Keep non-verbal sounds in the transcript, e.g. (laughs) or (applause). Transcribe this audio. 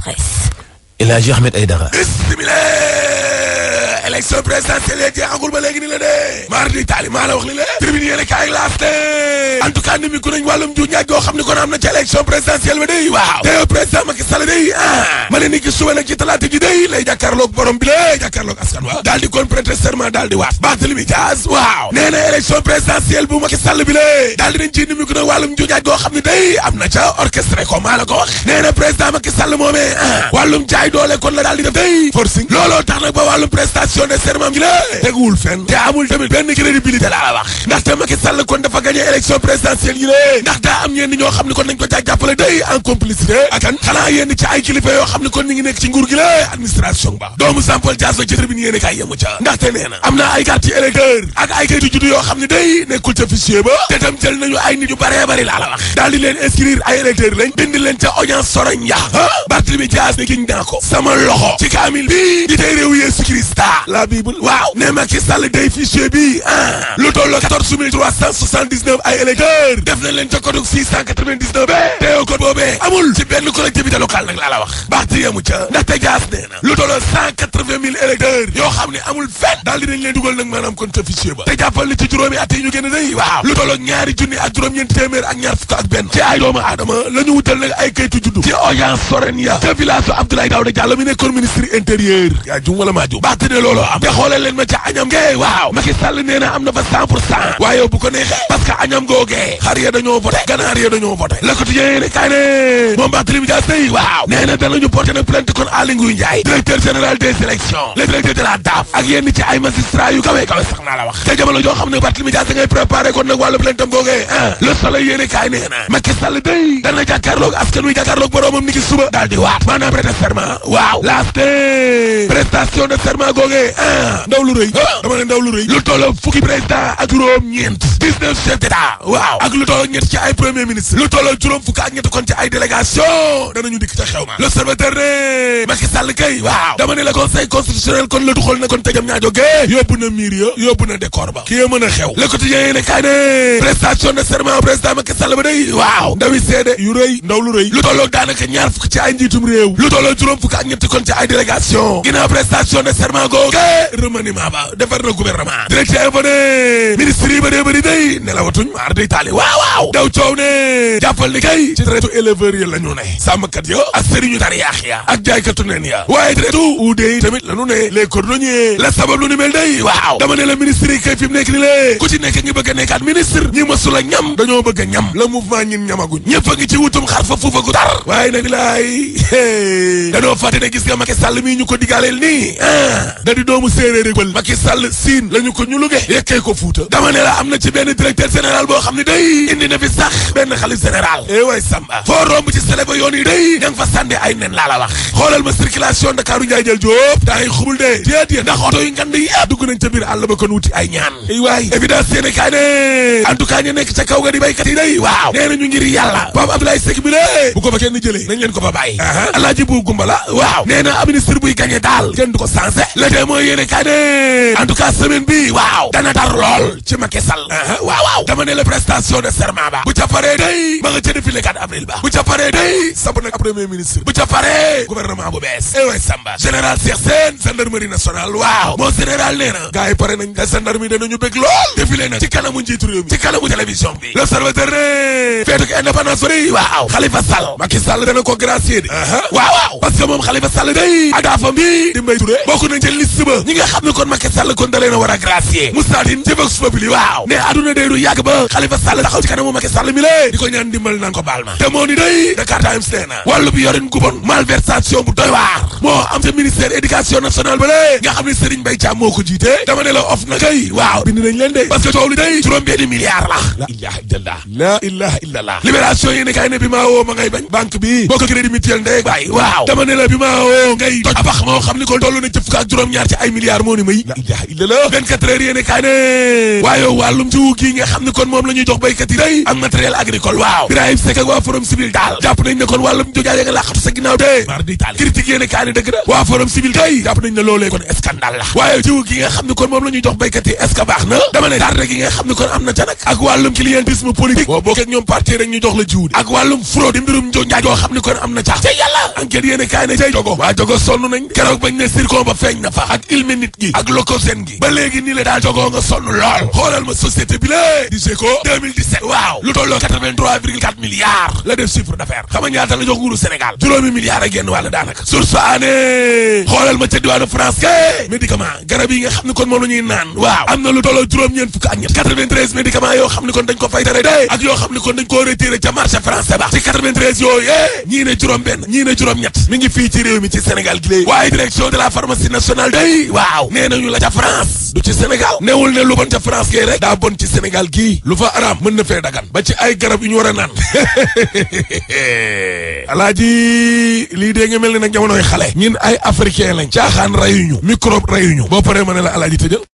presse. El Hadji Ahmed Aïdara. élection présidentielle yi jeexagul ba léegi ni la dee mardi taali maa wax li la tribune yéene kaay laaste en tout ni mi ku nañ wàllum ju ñaaj goo ah. ni ki am na ca orchestré ko maa la ko wax nee ah wàllum jaay doole kon la daal di def day forcing tax nag ba wàllum prestation donné serment gi kon dafa gagné élection présidentielle yi lée ndax daa am ñenn ñoo xam ne kon dañ ko caa jàppale day en complicité ak kan ne kon ñu ngi nekk ci nguur gi lé administration ba doomu Sampol Diasso ci yoo xam ne day nekkul ca fichier ba te tam jël nañu ay nit yu bare bari laa di leen inscrire ay électeur lañ bind leen ca audience soroñ ya Barthélémy Dias ne giñ naa ko sama loxo ci kaamil bi di tey réew Yeesu Krista la bible ne Macky Sall day fichier bi ah lu toll 14 379 ay électeurs def na leen 699 be teew code boobee amul ci benn collectivité locale nag laa la wax baax ci yemu ca ndaxte Lutolo nee na lu toll 180 000 électeurs yoo xam ne amul fenn daal dinañ leen dugal nag maanaam kon ca fichier ba te jàppal ni ci juróomi at yi ñu génn day waaw lu toll ñaari junni ak juróom-ñeenti téeméer ak ñaar fukk ak benn la ñu wutal nag ay kayitu juddu ci ya ministre intérieur loo am te xoolal leen ma ca añam gee waaw Macky Sall nee na am na ba cent pour cent waaye bu ko neexee parce añam googee xar dañoo voté ganaar ya dañoo voté Le Quotidien yéene kay ne moom Barthélémy Dias day waaw nee na danañu porté na am googee ah, suba daal di waat maanaam prêté serment waaw laaste prestation de serment googee ne ah ndaw lu rëy ah. dama ne ndaw lu rëy lu toll fukki président ak juróom ñeent dix-neuf chef d'état waaw ak lu toll ñett ci ay premier ministre lu toll juróom fukk ak ñett kon ci ay délégation danañu dikk ca xew ma l'observateur ne Macky Sall kay a prestation de serment président googee remaniement ba defar na gouvernement direct info ne ministre yi bëree bëri day nelawatuñ maar day taali waaw waaw daw coow ne jàppal ni kay ci traitu éleveurs yi la ñu ne sàmmkat ya ak sëriñu dar yaax ya ak jaaykatu neen ya waaye traitu uudee tamit la ñu ne les cordonniers la sabab lu ni mel day waaw dama ne la ministre yi kay fi nekk ni lée ku ci nekk ngi bëgg a nekkaat ministre ñi masula ñam dañoo bëgg a ñam la mouvement ñin ñamaguñ ñëpp a ngi ci wutum xar fa fuufa gu tar di doomu séeréer yi bël Macky Sall siin la ñu ko ñu luge yekkee ko fuuta dama ne la am na ci benn directeur général boo xam ne day indi na fi sax benn xalif général eh way Samba foo romb ci sele ba yoon yi day ña fa sànni ay nen laa la wax xoolal ma circulation Dakar njaay jël jóob daa yi de déet yéen ndax oto yu ngand yëpp dugg nañ ca biir àll ba kon wuti ay ñaan eh ay ne en tout cas nekk ca kaw ga di béykat yi day waaw nee na mooy yéene kaay ne semaine bi waaw dana tar lool ci Macky Sall uh-huh. waaw waaw dama la prestation de serment ba bu ca paree day ma nga ca défilé 4 avril ba bu ca paree day sabu nag premier ministre bu ca paree gouvernement bu bees ewa eh Samba général Cheikh Sène gendarmerie nationale waaw moo général nee na gars yi pare nañ te gendarmerie danañu bëgg lool défilé nag ci kanamu njiitu réew mi ci kanamu télévision bi l'observateur ne feetuk indépendance bi waaw Khalifa Sall uh-huh. waaw Khalifa Sall liste ba ñi nga xam ne kon Macky Sall kon da leen a war a ci Vox Populi waaw ne aduna day du yàgg ba Khalifa Sall taxaw ci kanamu Macky Sall mi lee di ko ñaan dimbal naan ko baal ma te moo ni day Dakar Times nee na wàllu bi yorin gu bon bu doy waar moo am ca ministère éducation nationale ba lee nga xam ne Serigne Mbaye Thiam moo ko jiite dama la of na kay waaw bind nañ leen de parce que day juróom benn milliard la la la ilaha illallah ci ay milliards moo ni may la ilaha illallah 24 heures yéene kaa ne kon moom la ñuy jox béykat yi day ak matériel agricole waaw Birahim Seck ak waa nga xam ne kon moom la jox béykat yi na dama ne gi nga xam ne kon am na ca nag ak wàllum clientélisme politique boo bokkee ñoom parti rek jox la jiwu ak wàllum fraude yi mbirum njo njaaj xam ne kon am na ca ca yàlla enquête yéene kaa ne jogo waa jogo sonn nañ keroog bañ ne circon ba feeñ na fa ak ilmi nit gi ak lokoseen gi ba léegi nii la daal jogoo nga sonn lool xoolal ma société bi lée di GECO 2017 waaw lu tolloo 83 virgule 4 milliards la def chiffre d'affaires xam nga jox nguuru Sénégal juróomi milliards ak genn wàll daanaka source ané xoolal ma ca diwaanu France ke médicament garab yi nga xam ne kon moom la ñuy naan waaw am na lu tolloo juróom-ñeent fukk ak ñett 93 médicaments yoo xam ne kon dañ ko fay tere dee ak yoo xam ne kon dañ koo retiré ca marché ñett mi ngi fii ci ci Sénégal gi léegi waaye direction de la day waaw nee nañu la ca France du ci Sénégal neewul ne lu bon ca France kay rek daa bon ci Sénégal gi lu fa araam mën na fee dagan ba ci ay garab yu ñu war a naan (laughs) alaaji lii dee nga mel ni nag jamonoy xale ñin ay africain lañ caaxaan rayuñu microbe rayuñu boo paree ma ne la alaaji tëjal